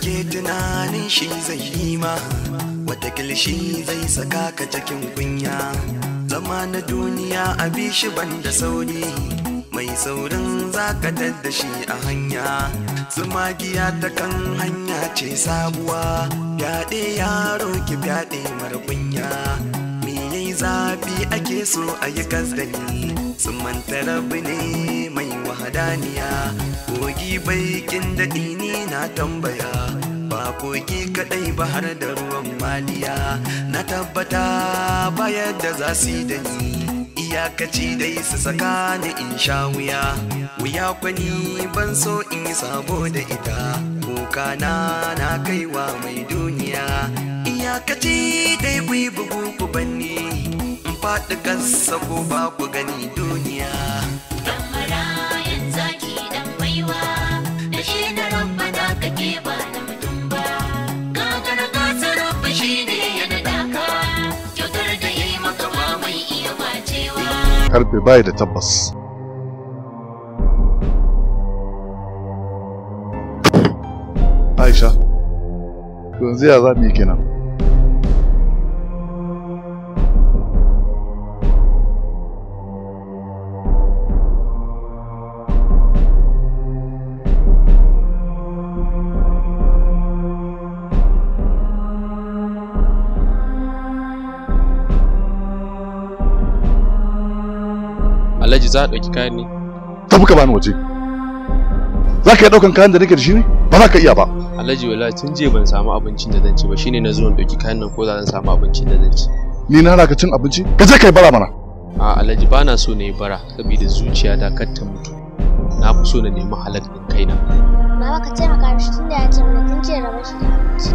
kake tunanin shi zai yi ma watakil shi zai saka ka cikin kunya zama na duniya a shi banda sauri mai saurin ka da shi a hanya giya ta kan hanya ce sabuwa fyaɗe yaro ki fyaɗe mara kunya me yayi zafi ake so a yi kasdani sun manta ne mai wahadaniya kogi baikin daɗi na tambaya ba koki kadai ba har da ruwan maliya na tabbata bayar da za su yi da ni iyakaci dai su saka ni in sha wuya wuya kwani ban so in yi sabo da ita kuka na na kaiwa mai duniya iyakaci dai ku yi bugu ku banni in faɗi kansa ko ba ku gani duniya قلبي بايد تبص عائشة كنزيها غني كنا za a ɗauki kayan ne tafi ka bani waje za ka iya ɗaukan kayan da nake da shi ne ba za ka iya ba alhaji wala tun je ban samu abincin da zan ci ba shine na zo in ɗauki kayan nan ko za zan samu abincin da zan ci ni na raka cin abinci ka je ka yi bara mana a alhaji ba na so na yi bara saboda zuciya ta kar ta mutu na fi so na nemi halak ɗin kaina baba ka taimaka mishi da ya ce mana tun jiya rabar da abinci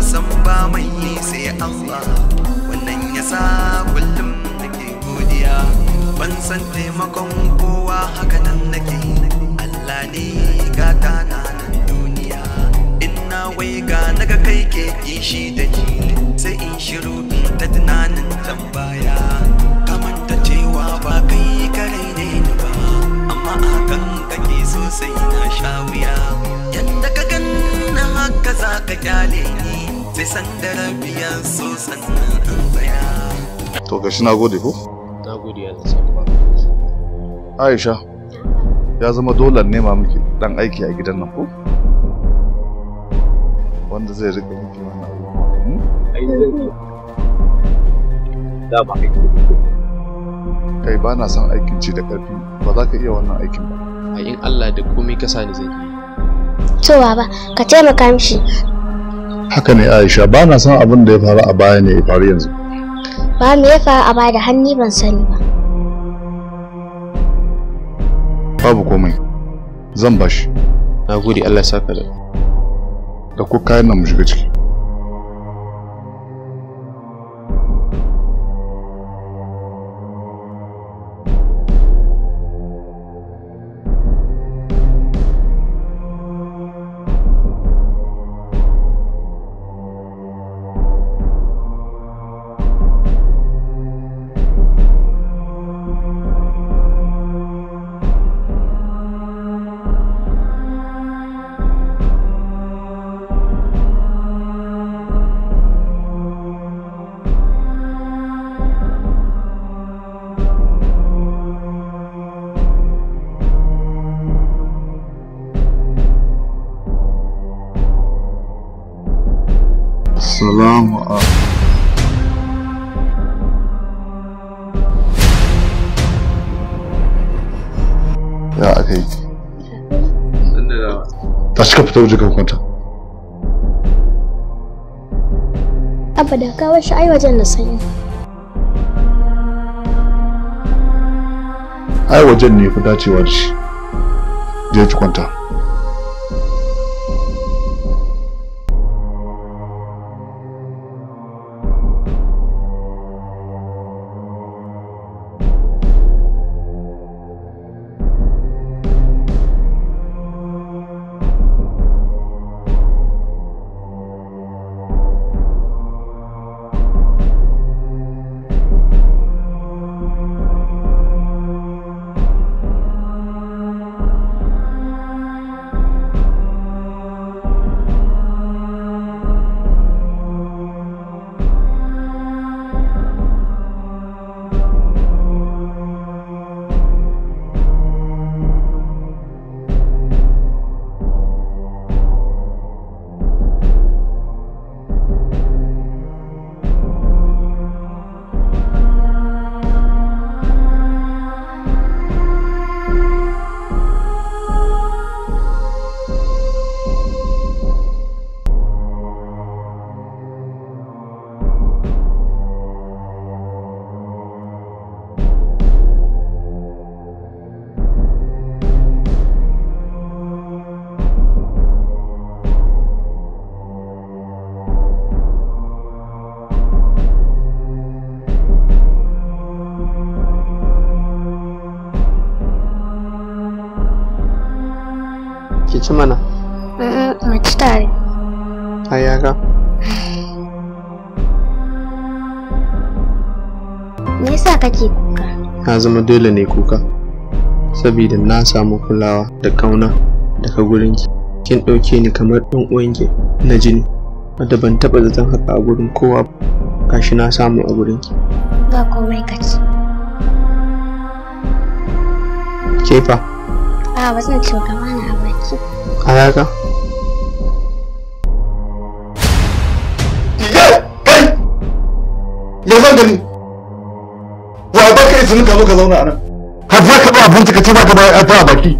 san ba mai sai Allah wannan yasa kullum nake godiya ban san taimakon kowa haka nan nake Allah ne ga gata na duniya ina wai ga naga kai ke kishi da ji sai in shiru ta tunanin tambaya ta cewa ba kai kare ne ni ba amma akan kake sosai na sha wuya yadda ka ganna haka za ka kyale ni sai san da an to gashi na gode ko na gode ya zama Aisha ya zama dole nema miki dan aiki a gidan nan ko wanda zai rika miki wannan abu hmm? ai da ba aiki kai ba na son aikin ci da ƙarfi ba za ka iya wannan aikin ba a in Allah da komai ka sani zai yi to baba ka taimaka mishi haka ne aisha ba na san abin da ya faru a baya ne ya faru yanzu ba me ya faru a baya da hannu ban sani ba babu komai zan bashi na gode allah saka da da ko kayan nan mu shiga ciki Allahu uh. akbar. Ta aka yi. Tashi ka fita ka kwanta. Abba da shi ai na da sanyi. Ai wajen ne fi dacewa da shi. Je zama dole ne kuka saboda na samu kulawa da kauna daga gurinki kin ɗauke ni kamar ɗan uwanki na jini wadda ban taɓa zaton haka a gurin kowa gashi na samu a gurinki ba komai kaci kefa a ba zan ci gaba na a baki alaka Ya zan gani ba ba ka izinin ka zo zauna a nan har za ka ba abinci ka ce ba ka bayar ta baki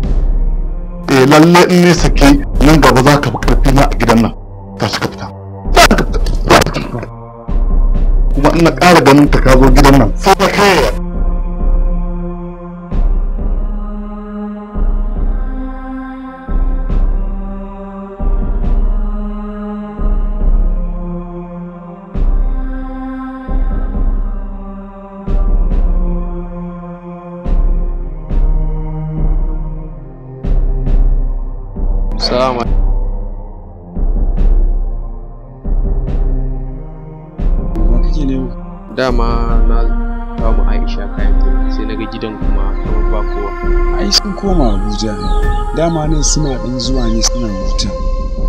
eh lalle in ne nan gaba za ka karfi na a gidan nan shi ka fita kuma ina ƙara ganin ta ka zo gidan nan sai ka kai dama na ba mu aisha kayan ta sai na ga gidan kuma kamar ba kowa ai sun koma abuja dama nan suna ɗan zuwa ne suna huta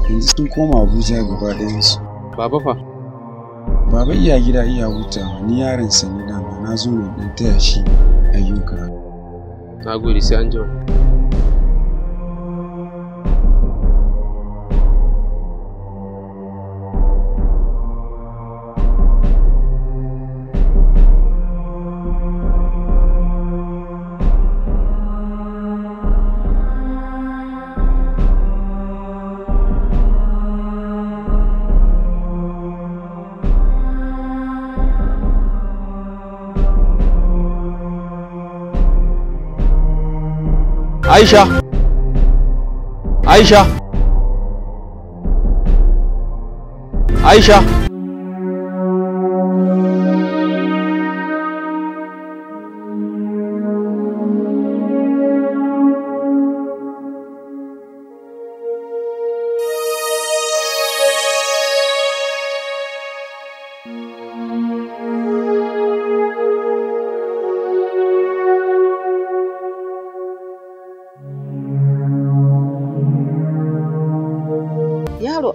yanzu sun koma abuja gaba su baba fa baba iya gida iya hutawa ni yaron sa ne dama na zo ne ɗan taya shi ayyuka na gode sai an Aisha Aisha Aisha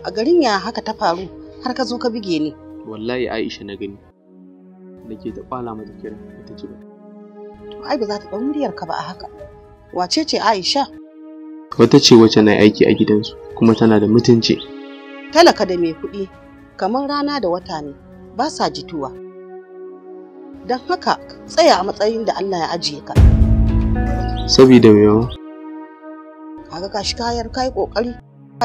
a garin ya haka ta faru har ka zo ka bige ni wallahi Aisha na gani nake ta kwala mata kira ta ji ba to ai ba za ta bar muryar ka ba a haka wace ce Aisha wata ce wacce na aiki a gidansu kuma tana da mutunci talaka da mai kuɗi kamar rana da wata ne ba sa jituwa don haka tsaya a matsayin da Allah ya ajiye ka Sabida me yawa kaga shi kayar kai kokari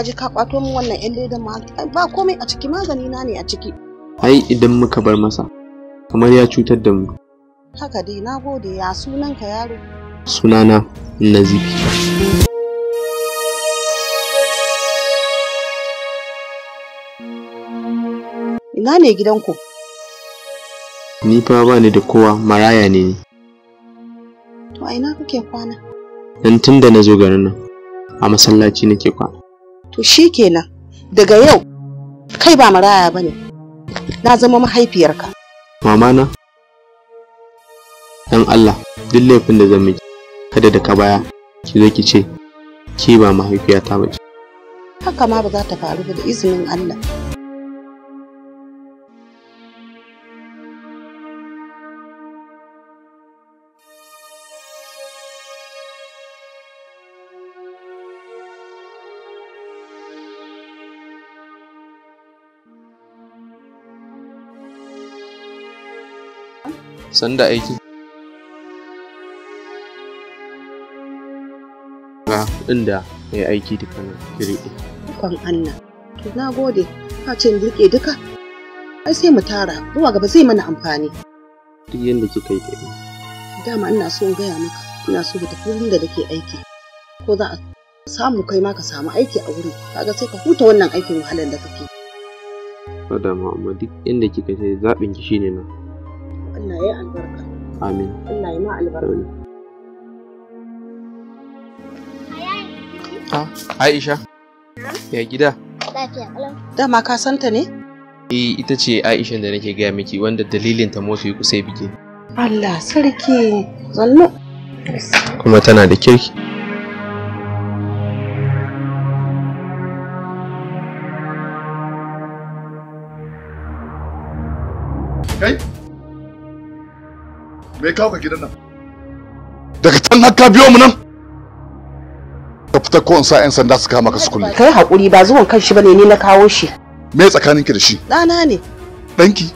ji ka kwato min wannan yan ledan ma ba komai a ciki magani na ne a ciki. Ai idan muka bar masa kamar ya cutar da mu. Haka dai na gode ya sunanka yaro. Sunana Nazifi. Ina ne gidanku? Ni fa ba ni da kowa maraya ne To a ina kuke kwana? Dan tun da na zo garin nan a masallaci nake kwana. to shi kenan daga yau kai ba maraya bane na zama mahaifiyarka mama na dan Allah duk laifin da zan miki kada da ka baya ki zo ki ce ki ba mahaifiyata ba haka ma ba za ta faru ba da izinin Allah sanda aiki ga inda ya aiki duka na kirɗe ikon Allah to na gode ka ce in rike duka ai sai mu tara zuwa gaba zai mana amfani duk yadda kika yi daidai dama ina so in gaya maka ina so ka tafi inda da nake aiki ko za a samu kai ma ka samu aiki a wurin kaga sai ka huta wannan aikin wahalar da kake Madama amma duk inda kika ce zaɓin ki shine na Allah Aisha ya gida dama ka santa ne eh ita ce Aisha da nake gaya miki wanda dalilin ta motsi kusa biki Allah sarki zallo. kuma tana da kirki me kawo ka gidan nan daga can har ka biyo mu nan ka fita ko in sa yan sanda su kama ka su kulle kai hakuri ba zuwan shi bane ni na kawo shi me tsakaninki da shi ɗana ne ɗanki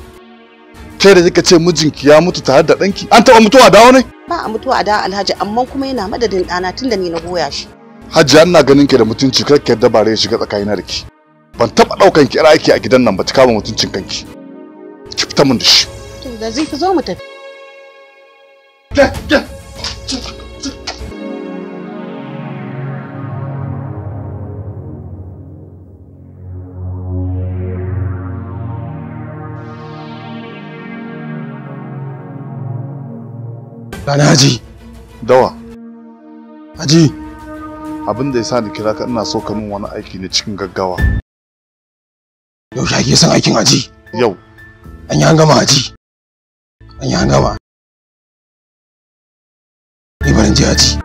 kai da kika ce mijinki ya mutu tare da ɗanki an taɓa mutuwa dawo ne ba a mutuwa da alhaji amma kuma yana madadin ɗana tunda ni na goya shi hajji an na ganin ki da mutunci kar ki yadda ba ya shiga tsakanina da ki ban taɓa ɗaukan ki aiki a gidan nan ba ki kama mutuncin kanki ki fita min da shi to da zai ki zo mu tafi Gel Haji. Dawa. Haji. Abin da ya sa ni kira ka ina so ka min wani aiki ne cikin gaggawa. Yau ya ke son aikin Haji. Yau. An yi an gama Haji. An yi an gama. ni barin je aji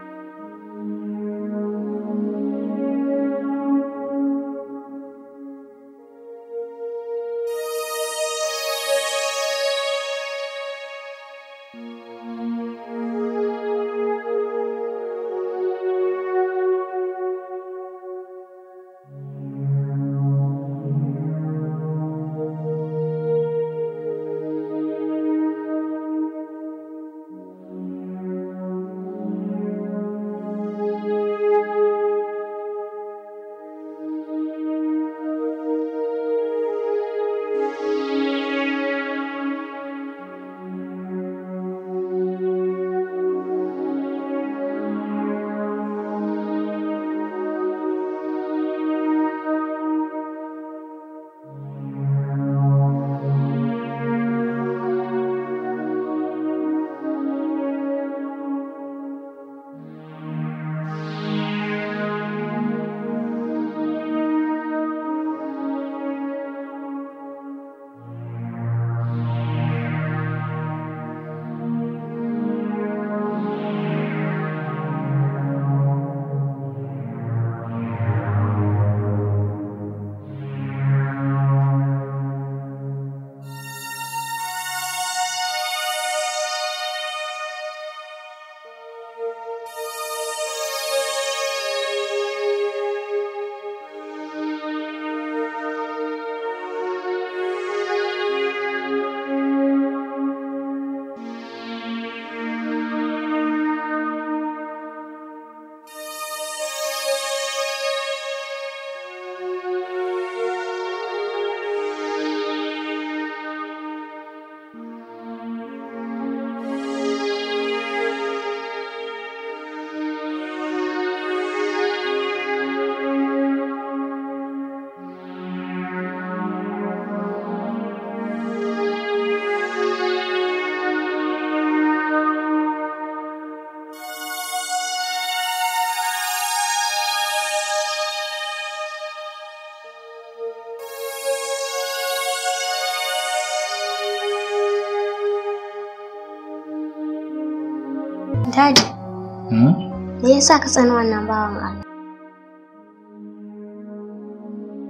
hmm? me yasa ka tsani wannan bawan Allah?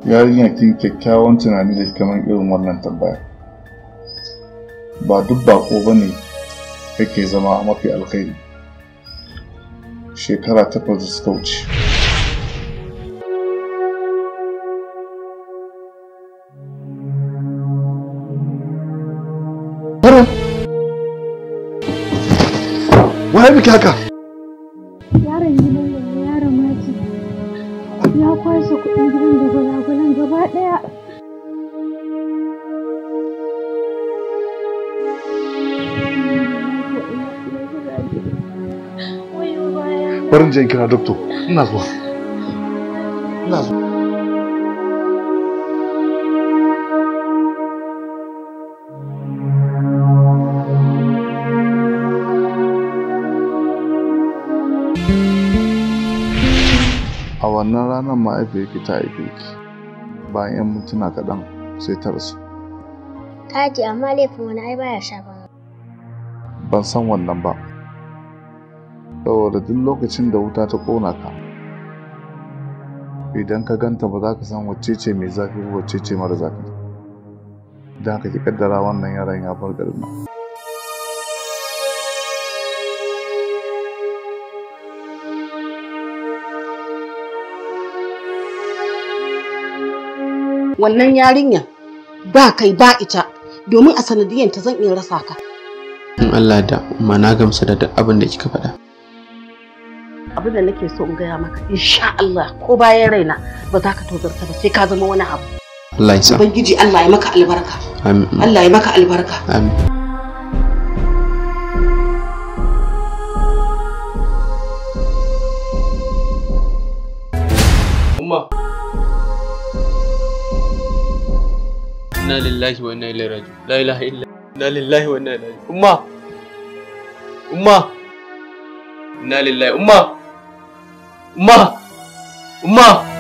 Yarinya kin kyakkyawan tunani da kamar irin wannan tambaya. Ba duk bako ba ne kake zama mafi alkhairi. Shekara takwas da suka wuce. miki haka? Yaron gidan yanzu yaron maji ya kwashe kuɗin gidan da gwalagwalan gaba ɗaya. Barin kira doktor, ina zuwa. Ina zuwa. wannan ranar mahaifiyarki ta haife ki bayan 'yan mintuna kaɗan sai ta rasu ta ji amma laifin wani ai baya shafan ban san wannan ba saboda duk lokacin da wuta ta ƙona ka idan ka ganta ba za ka san wacce ce mai zafi wacce ce mara zafi don haka ki kaddara wannan yaron ya bar garin wannan yarinya ba kai ba ita domin a sanadiyan ta zan iya rasa ka in Allah da umma na gamsu da duk abin da kika faɗa abin da nake so in gaya maka insha Allah ko bayan raina ba za ka tozarta ba sai ka zama wani abu Allah ya sa ubangiji Allah ya maka albarka amin Allah ya maka albarka amin inna lillahi wa inna ilaihi raji'un la ilaha illa inna lillahi wa inna ilaihi umma umma inna lillahi umma umma umma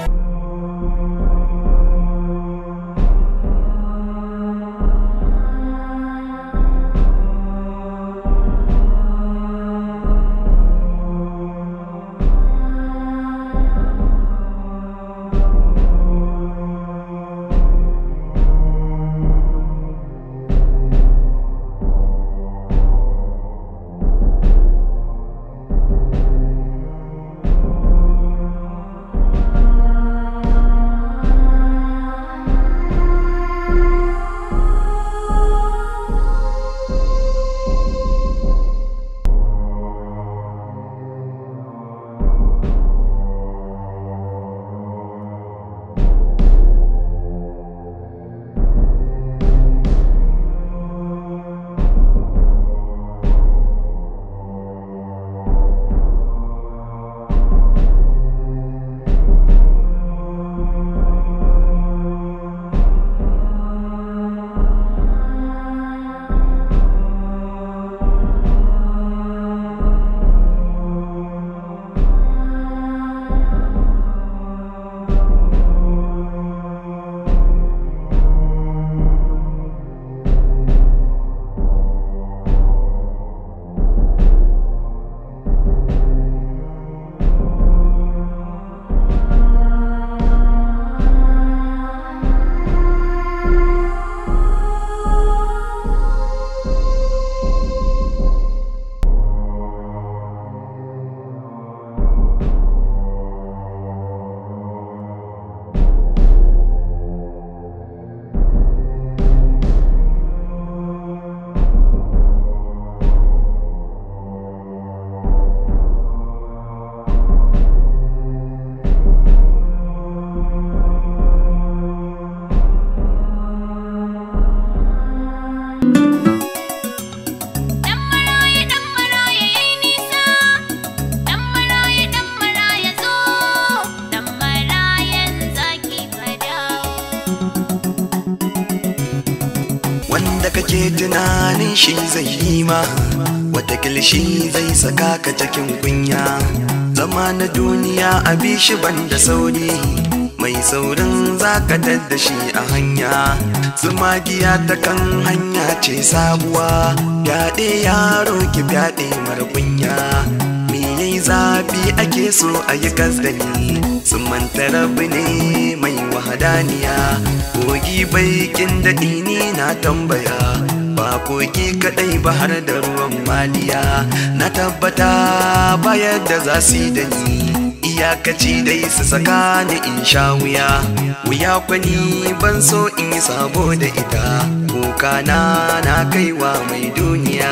tunanin shi zai yi ma wata shi zai saka ka cikin kunya zama na duniya a bi bishi banda sauri mai saurin zaka da shi a hanya zumagiya ta kan hanya ce sabuwa fyaɗe yaro ki fyaɗe mara kunya me yayi zafi ake so a yi ni? Usman ne mai wahadaniya kogi baikin daɗi ni na tambaya ba kogi kaɗai ba har da ruwan maliya na tabbata bayar da za su da ni iyakaci dai su saka ni in sha wuya wuya kwani ban so in yi sabo da ita kuka na na kaiwa mai duniya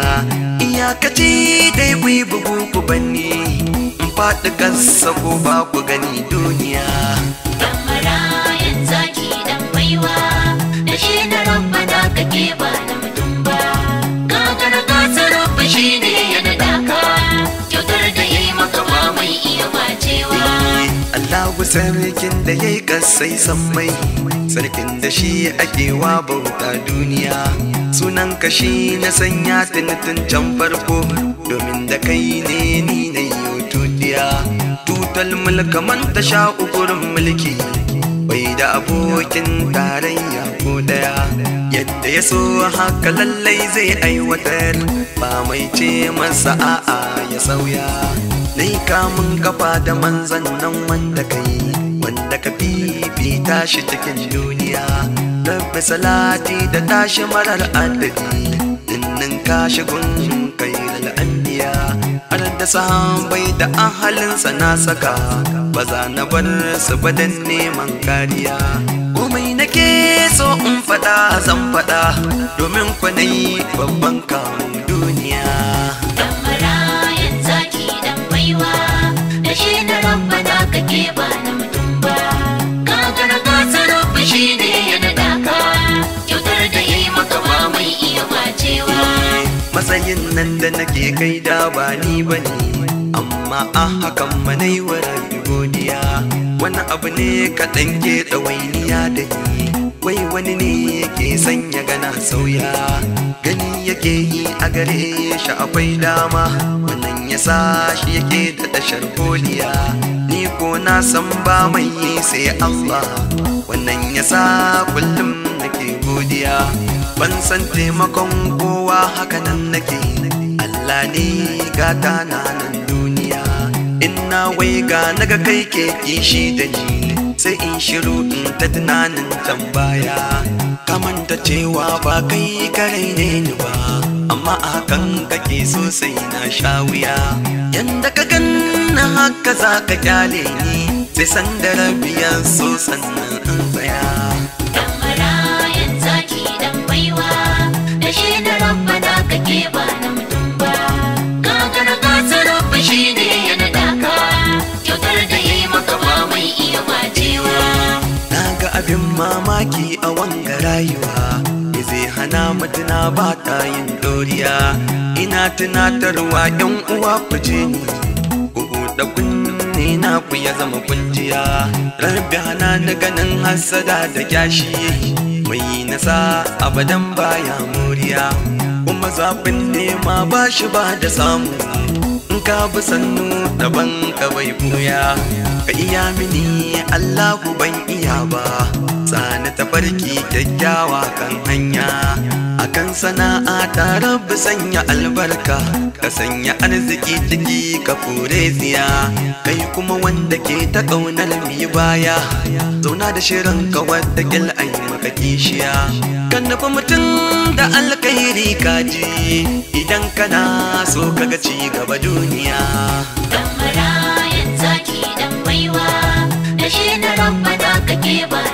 dakaci dai ku yi bugu ku banni in faɗi kansa ko ba ku gani duniya dan marayan zaki dan baiwa da shi da kake ba da mutum ba gagara gasar rufe shi ne sarkin da ya yi kasai sammai sarkin da shi ake wa bauta duniya sunan kashi na sanya tunitin can farko domin da kai ne ni na yi tutiya tutal mulka man ta sha ukurin mulki bai da abokin tarayya ko daya yadda ya so haka lallai zai aiwatar ba mai ce masa a'a ya sauya dai kamun kafa da manzan nan wanda ka yi wanda ka ta shi cikin duniya salati da tashi marar adadi dinnin shi gun kai anbiya har da sahabai da ahalinsa na saka ba za na bar su badan neman kariya komai nake so in faɗa zan faɗa domin kwanai babban kamun duniya baiwa da shi da rabba da kake ba na mutum ba gagara gasar rabba shi ne ya naɗa ka kyautar da ya yi maka ba mai iya bacewa matsayin nan da nake kai da ba ni ba ne amma a hakan manai wa rabi godiya wani abu ne kaɗan ke ɗawainiya da ni wai wani ne yake sanya gana sauya gani yake yi a gare shi akwai dama yasa shi yake da tashar koliya ni ko na san ba mai yi sai Allah wannan ya sa kullum nake godiya ban san taimakon kowa haka nan nake Allah ne ga na nan duniya ina wai ga naga kai ke kishi da ni sai in shiru in ta tunanin tambaya kamanta cewa ba kai kare ne ni ba amma a hakan kake so na sha wuya yanda ka ganna haka za ka kyale ni sai san da rabiya so sannan an tsaya dan marayan zaki dan baiwa da shi da rabba ba na mutum ba gagara gasa rabba shi ne ya nada ka da ya yi maka ba mai iya matewa na ga abin mamaki a wanda rayuwa zai hana mutuna ba ta yin doriya ina tunatarwa yan uwa ku je ni ku buɗe kunne na ku ya zama kunjiya rarbi hana na ganin hassada da gashi. mai nasa abadan baya muriya kuma zafin nema ba shi ba da samu in ka bi sannu daban ka bai buya ka iya mini allahu ban iya ba tsani farki kyakkyawa kan hanya akan sana'a ta rabu sanya albarka ka sanya arziki ciki ka fure ziya kai kuma wanda ke ta ƙaunar mi baya zauna da shirin ka wadda ƙil ai maka kishiya Ka nufi mutum da alkhairi kaji idan kana so ka ga gaba duniya dan marayan zaki dan baiwa da shi na rabba da kake ba